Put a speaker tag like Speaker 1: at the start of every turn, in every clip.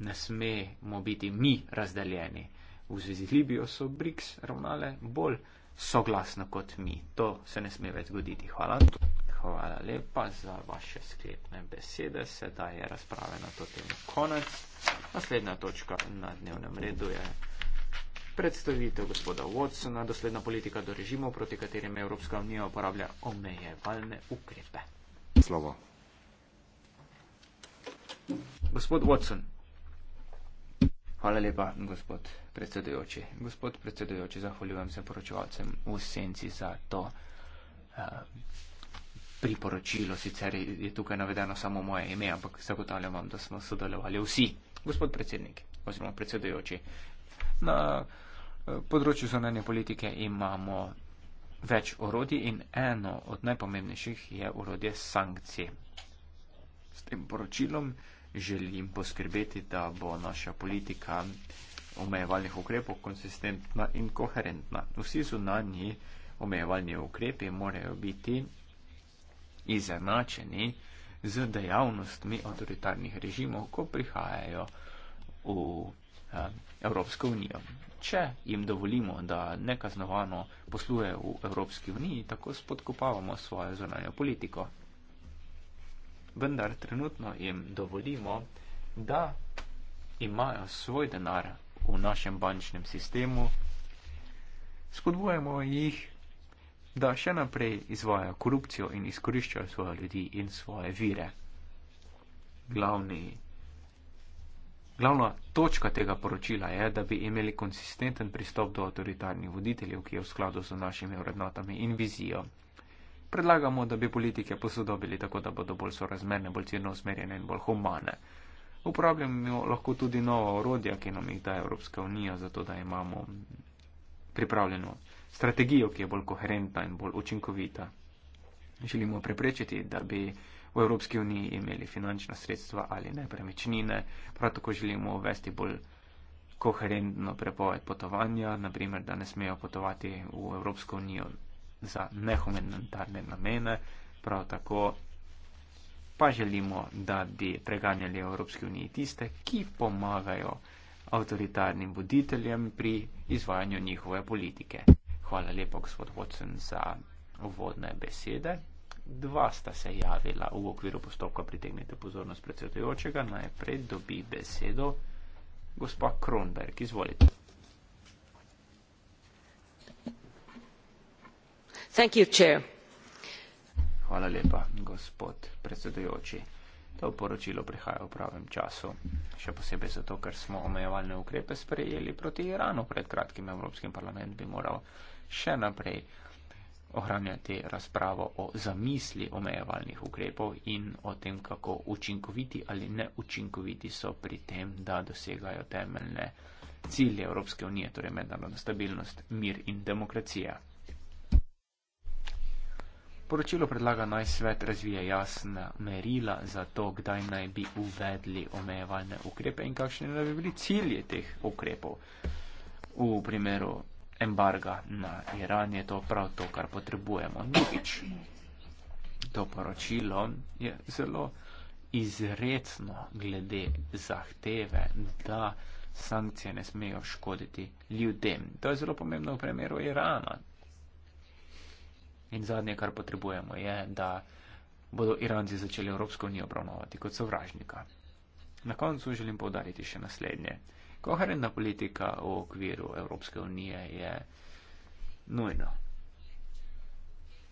Speaker 1: ne smemo biti mi razdeljeni. V zvezi z Libijo so BRICS ravnale bolj soglasno kot mi. To se ne sme več zgoditi. Hvala. Hvala lepa za vaše sklepne besede. Sedaj je razprave na to temo konec. Naslednja točka na dnevnem redu je predstavitev gospoda Watsona, dosledna politika do režimov, proti katerim Evropska unija uporablja omejevalne ukrepe. Slovo. Gospod Watson, Hvala lepa, gospod predsedujoči. Gospod predsedujoči, zahvaljujem se poročevalcem v senci za to eh, priporočilo. Sicer je tukaj navedeno samo moje ime, ampak zagotavljam vam, da smo sodelovali vsi. Gospod predsednik, oziroma predsedujoči, na eh, področju zonanje politike imamo več orodij in eno od najpomembnejših je orodje sankcije. S tem poročilom želim poskrbeti, da bo naša politika omejevalnih ukrepov konsistentna in koherentna. Vsi zunanji omejevalni ukrepi morajo biti izenačeni z dejavnostmi avtoritarnih režimov, ko prihajajo v eh, Evropsko unijo. Če jim dovolimo, da nekaznovano posluje v Evropski uniji, tako spodkopavamo svojo zunanjo politiko vendar trenutno jim dovolimo, da imajo svoj denar v našem bančnem sistemu, spodbujamo jih, da še naprej izvajo korupcijo in izkoriščajo svoje ljudi in svoje vire. Glavni, glavna točka tega poročila je, da bi imeli konsistenten pristop do avtoritarnih voditeljev, ki je v skladu z našimi vrednotami in vizijo predlagamo, da bi politike posodobili tako, da bodo bolj sorazmerne, bolj ciljno usmerjene in bolj humane. Uporabljamo lahko tudi nova orodja, ki nam jih da Evropska unija, zato da imamo pripravljeno strategijo, ki je bolj koherentna in bolj učinkovita. Želimo preprečiti, da bi v Evropski uniji imeli finančna sredstva ali nepremičnine. Prav tako želimo uvesti bolj koherentno prepoved potovanja, naprimer, da ne smejo potovati v Evropsko unijo za nehumanitarne namene, prav tako pa želimo, da bi preganjali v Evropski uniji tiste, ki pomagajo avtoritarnim voditeljem pri izvajanju njihove politike. Hvala lepo, gospod Hodson, za uvodne besede. Dva sta se javila v okviru postopka, pritegnite pozornost predsedujočega. Najprej dobi besedo gospa Kronberg. Izvolite. hvala lepa gospod predsedujoči to poročilo prihaja v pravem času še posebej zato ker smo omejevalne ukrepe sprejeli proti Iranu pred kratkim Evropski parlament bi moral še naprej ohranjati razpravo o zamisli omejevalnih ukrepov in o tem, kako učinkoviti ali neučinkoviti so pri tem, da dosegajo temeljne cilje Evropske unije, torej mednarodna stabilnost, mir in demokracija. Poročilo predlaga naj svet razvije jasna merila za to, kdaj naj bi uvedli omejevalne ukrepe in kakšne naj bi bili cilje teh ukrepov. V primeru embarga na Iran je to prav to, kar potrebujemo. Drugič, to poročilo je zelo izredno glede zahteve, da sankcije ne smejo škoditi ljudem. To je zelo pomembno v primeru Irana. In zadnje, kar potrebujemo, je, da bodo Iranci začeli Evropsko unijo obravnavati kot sovražnika. Na koncu želim povdariti še naslednje. Koherentna politika v okviru Evropske unije je nujna.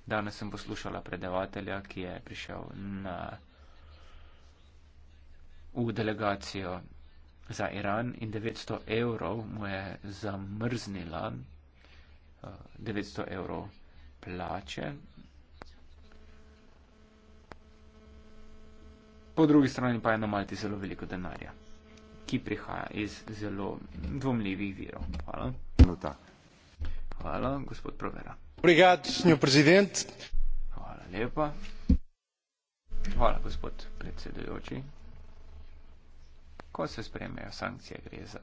Speaker 1: Danes sem poslušala predavatelja, ki je prišel na, v delegacijo za Iran in 900 evrov mu je zamrznila. 900 eh, evrov plače. Po drugi strani pa je na Malti zelo veliko denarja, ki prihaja iz zelo dvomljivih virov. Hvala. No, Hvala, gospod Provera. Brigadni predsednik. Hvala lepa. Hvala, gospod predsedujoči. Ko se sprejmejo sankcije, gre za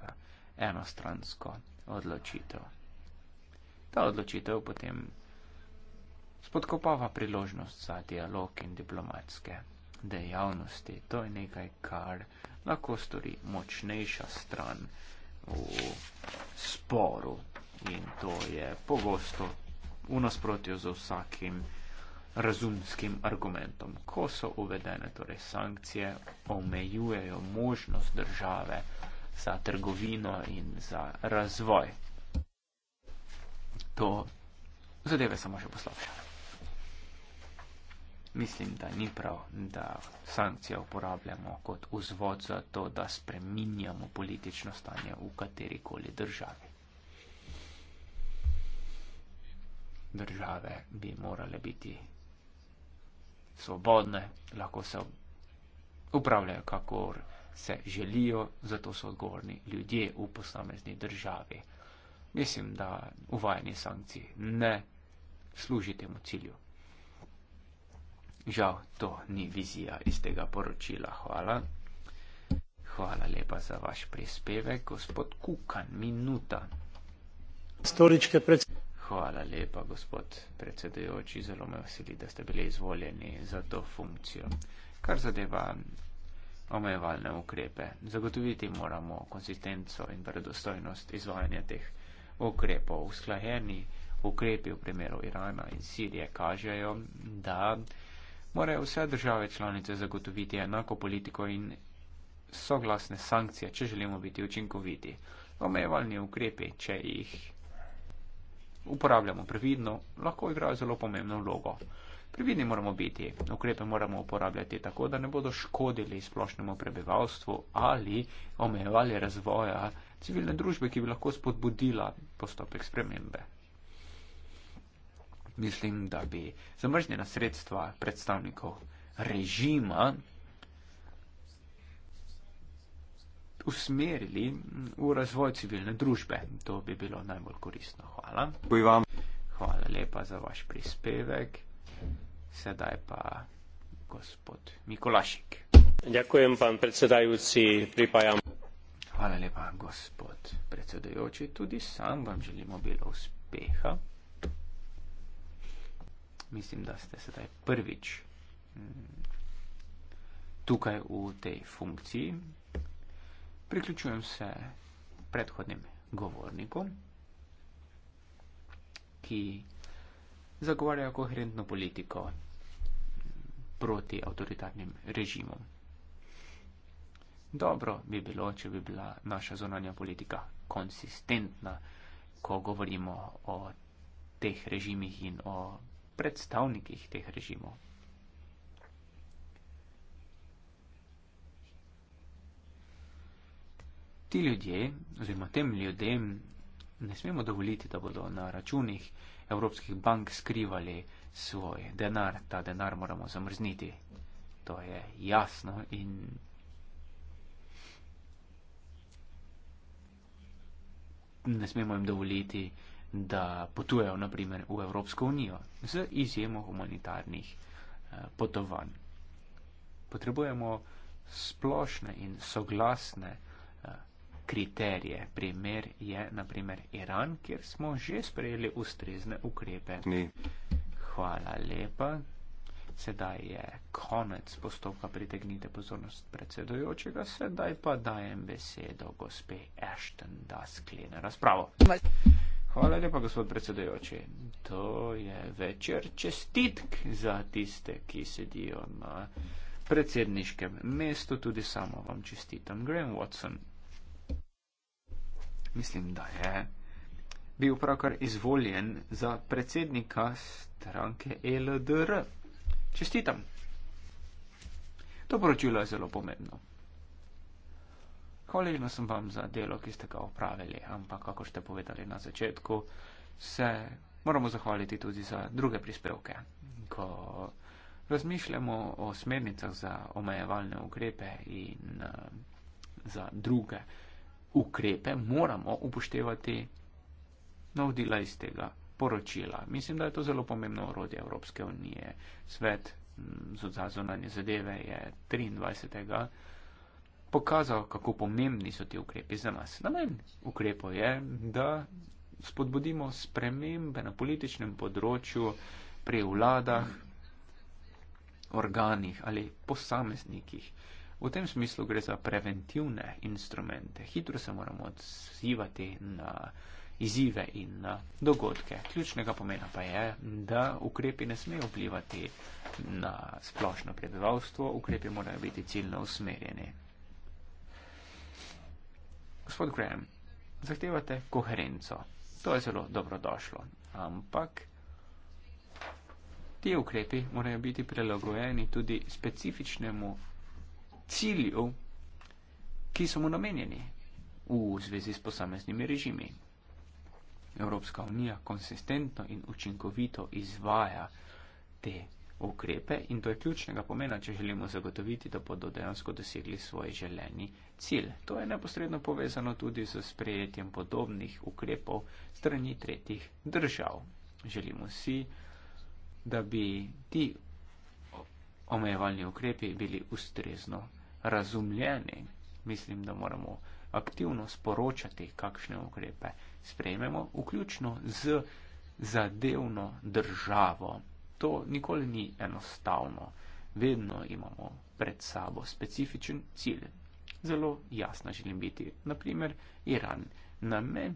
Speaker 1: enostransko odločitev. Ta odločitev potem spodkopava priložnost za dialog in diplomatske dejavnosti. To je nekaj, kar lahko stori močnejša stran v sporu in to je pogosto v nasprotju z vsakim razumskim argumentom. Ko so uvedene torej sankcije, omejujejo možnost države za trgovino in za razvoj. To zadeve samo še poslabšajo mislim, da ni prav, da sankcije uporabljamo kot vzvod za to, da spreminjamo politično stanje v kateri koli državi. Države bi morale biti svobodne, lahko se upravljajo, kakor se želijo, zato so odgovorni ljudje v posamezni državi. Mislim, da uvajanje sankcij ne služi temu cilju. Žal, to ni vizija iz tega poročila. Hvala. Hvala lepa za vaš prispevek, gospod Kukan, minuta. Storičke pred. Hvala lepa, gospod predsedujoči, zelo me veseli, da ste bili izvoljeni za to funkcijo. Kar zadeva omejevalne ukrepe, zagotoviti moramo konsistenco in predostojnost izvajanja teh ukrepov. Usklajeni ukrepi v primeru Irana in Sirije kažejo, da morajo vse države članice zagotoviti enako politiko in soglasne sankcije, če želimo biti učinkoviti. Omejevalni ukrepi, če jih uporabljamo previdno, lahko igrajo zelo pomembno vlogo. Previdni moramo biti, ukrepe moramo uporabljati tako, da ne bodo škodili splošnemu prebivalstvu ali omejevali razvoja civilne družbe, ki bi lahko spodbudila postopek spremembe mislim, da bi zamrznjena sredstva predstavnikov režima usmerili v razvoj civilne družbe. To bi bilo najbolj koristno. Hvala. Hvala lepa za vaš prispevek. Sedaj pa gospod Mikolašik. Ďakujem, pán predsedajúci, pripájam. Hvala lepa, gospod predsedajúci. Tudi sám vám želím obilo uspeha mislim, da ste sedaj prvič mm, tukaj v tej funkciji. Priključujem se predhodnim govornikom, ki zagovarjajo koherentno politiko proti avtoritarnim režimom. Dobro bi bilo, če bi bila naša zonanja politika konsistentna, ko govorimo o teh režimih in o predstavnikih teh režimov. Ti ljudje, oziroma tem ljudem, ne smemo dovoliti, da bodo na računih evropskih bank skrivali svoj denar. Ta denar moramo zamrzniti. To je jasno in. Ne smemo jim dovoliti, da potujejo naprimer v Evropsko unijo z izjemo humanitarnih eh, potovanj. Potrebujemo splošne in soglasne eh, kriterije. Primer je naprimer Iran, kjer smo že sprejeli ustrezne ukrepe. Ni. Hvala lepa. Sedaj je konec postopka pritegnite pozornost predsedojočega, sedaj pa dajem besedo gospe Ashton, da sklene razpravo. Ne. Hvala lepa, gospod predsedujoči. To je večer čestitk za tiste, ki sedijo na predsedniškem mestu. Tudi samo vam čestitam, Graham Watson. Mislim, da je bil pravkar izvoljen za predsednika stranke LDR. Čestitam. To poročilo je zelo pomembno hvaležna sem vam za delo, ki ste ga opravili, ampak kako ste povedali na začetku, se moramo zahvaliti tudi za druge prispevke. Ko razmišljamo o smernicah za omejevalne ukrepe in eh, za druge ukrepe, moramo upoštevati navdila iz tega poročila. Mislim, da je to zelo pomembno orodje Evropske unije. Svet mm, za zunanje zadeve je 23 pokazal, kako pomembni so ti ukrepi za nas. Namen ukrepov je, da spodbudimo spremembe na političnem področju pri vladah, organih ali posameznikih. V tem smislu gre za preventivne instrumente. Hitro se moramo odzivati na izzive in na dogodke. Ključnega pomena pa je, da ukrepi ne smejo vplivati na splošno prebivalstvo, ukrepi morajo biti ciljno usmerjeni gospod Graham, zahtevate koherenco. To je zelo dobrodošlo. Ampak ti ukrepi morajo biti prilagojeni tudi specifičnemu cilju, ki so mu namenjeni v zvezi s posameznimi režimi. Evropska unija konsistentno in učinkovito izvaja te ukrepe in to je ključnega pomena, če želimo zagotoviti, da bodo dejansko dosegli svoj želeni cilj. To je neposredno povezano tudi z sprejetjem podobnih ukrepov strani tretjih držav. Želimo si, da bi ti omejevalni ukrepi bili ustrezno razumljeni. Mislim, da moramo aktivno sporočati, kakšne ukrepe sprejmemo, vključno z zadevno državo. To nikoli ni enostavno. Vedno imamo pred sabo specifičen cilj. Zelo jasna želim biti. Naprimer, Iran. Namen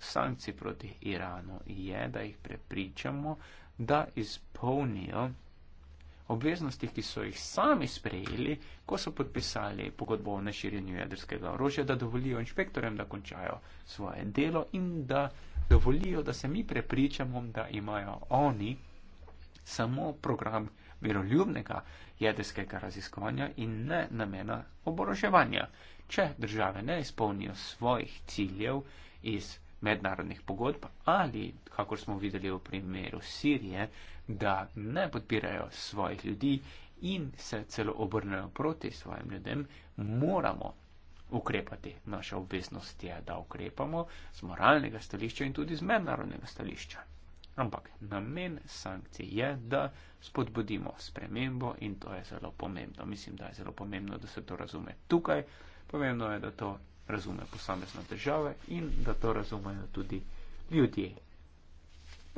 Speaker 1: sankcij proti Iranu je, da jih prepričamo, da izpolnijo obveznosti, ki so jih sami sprejeli, ko so podpisali pogodbo o neširjenju jedrskega orožja, da dovolijo inšpektorjem, da končajo svoje delo in da dovolijo, da se mi prepričamo, da imajo oni samo program miroljubnega jedrskega raziskovanja in ne namena oboroževanja. Če države ne izpolnijo svojih ciljev iz mednarodnih pogodb ali, kako smo videli v primeru Sirije, da ne podpirajo svojih ljudi in se celo obrnejo proti svojim ljudem, moramo ukrepati. Naša obveznost je, da ukrepamo z moralnega stališča in tudi z mednarodnega stališča. Ampak namen sankcij je, da spodbudimo spremembo in to je zelo pomembno. Mislim, da je zelo pomembno, da se to razume tukaj. Pomembno je, da to razume posamezna država in da to razumejo tudi ljudje.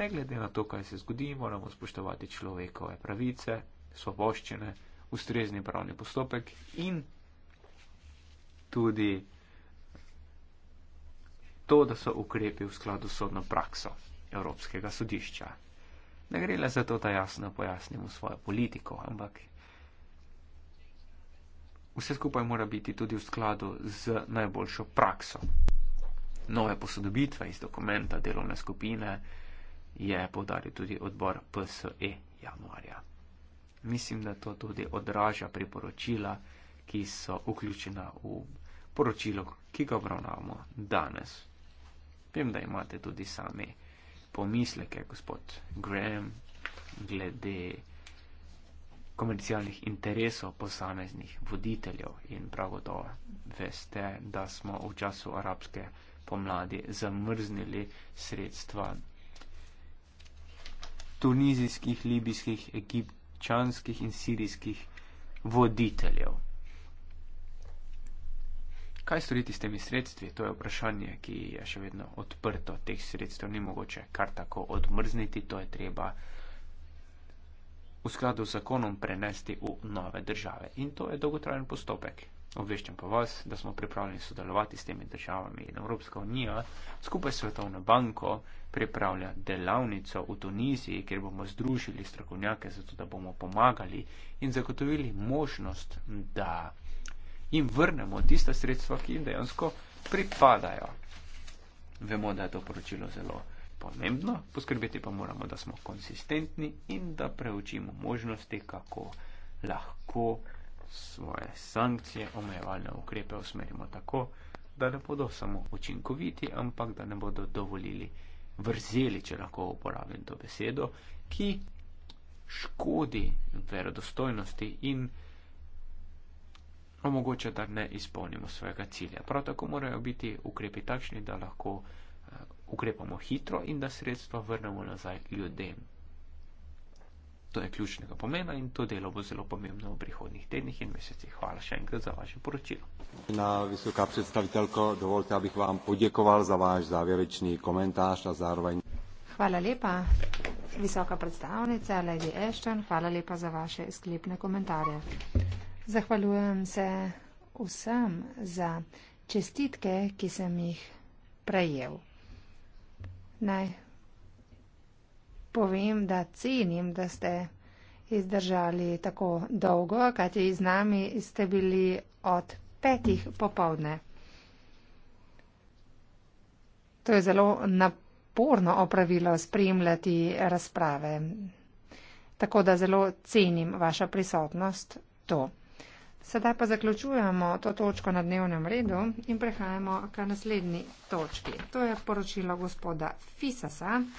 Speaker 1: Ne glede na to, kaj se zgodi, moramo spoštovati človekove pravice, svoboščine, ustrezni pravni postopek in tudi to, da so ukrepi v skladu s sodno prakso. Evropskega sodišča. Ne gre le za to, da jasno pojasnimo svojo politiko, ampak vse skupaj mora biti tudi v skladu z najboljšo prakso. Nove posodobitve iz dokumenta delovne skupine je podaril tudi odbor PSE januarja. Mislim, da to tudi odraža priporočila, ki so vključena v poročilo, ki ga obravnavamo danes. Vem, da imate tudi sami pomisleke, gospod Graham, glede komercialnih interesov posameznih voditeljev in prav gotovo veste, da smo v času arabske pomladi zamrznili sredstva tunizijskih, libijskih, egipčanskih in sirijskih voditeljev. Kaj storiti s temi sredstvi? To je vprašanje, ki je še vedno odprto. Teh sredstev ni mogoče kar tako odmrzniti, to je treba v skladu z zakonom prenesti v nove države. In to je dolgotrajen postopek. Obveščam pa vas, da smo pripravljeni sodelovati s temi državami in Evropska unija skupaj s Svetovno banko pripravlja delavnico v Tuniziji, kjer bomo združili strokovnjake, zato da bomo pomagali in zagotovili možnost, da jim vrnemo tista sredstva, ki jim dejansko pripadajo. Vemo, da je to poročilo zelo pomembno, poskrbeti pa moramo, da smo konsistentni in da preučimo možnosti, kako lahko svoje sankcije, omejevalne ukrepe usmerimo tako, da ne bodo samo učinkoviti, ampak da ne bodo dovolili vrzeli, če lahko uporabim to besedo, ki škodi verodostojnosti in omogoča, da ne izpolnimo svojega cilja. Prav tako morajo biti ukrepi takšni, da lahko eh, ukrepamo hitro in da sredstva vrnemo nazaj ljudem. To je ključnega pomena in to delo bo zelo pomembno v prihodnih tednih in mesecih. Hvala še enkrat za vaše poročilo. Na visoka predstaviteljko, dovolite, abih vam podjekoval za vaš zavirečni komentar na zarovanj. Hvala lepa, visoka predstavnica, Lady Ashton, hvala lepa za vaše sklepne komentarje. Zahvaljujem se vsem za čestitke, ki sem jih prejel. Naj povem, da cenim, da ste izdržali tako dolgo, kajti z nami ste bili od petih popovdne. To je zelo naporno opravilo spremljati razprave. Tako da zelo cenim vašo prisotnost to. Sedaj pa zaključujemo to točko na dnevnem redu in prehajamo k naslednji točki. To je poročilo gospoda Fisasa.